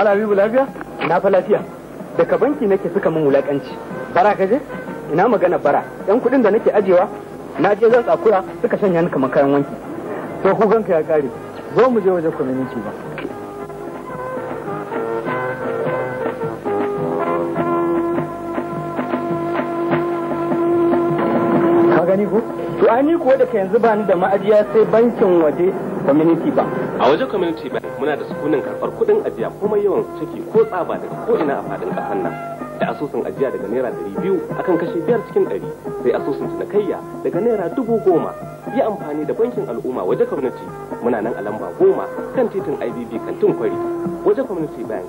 mala Habibu lafiya na fa lafiya daga banki nake suka min wulakanci bara ka je ina magana bara yan kuɗin da nake ajewa na je zan tsakura suka shanya ni kamar kayan wanki to ku ganka ya kare zo mu je waje community ba gani ko to ni kuwa da yanzu ba ni da ma'ajiya sai bankin waje community ba. a waje community ba muna da sukunin karɓar kuɗin ajiya kuma yawan ciki ko tsaba daga ko ina a faɗin ƙasar nan da asusun ajiya daga naira ɗari biyu akan kashi biyar cikin ɗari sai asusun cinikayya daga naira dubu goma yi amfani da bankin al'umma waje community muna nan a lamba goma kan titin ibb kantin kwari waje community bank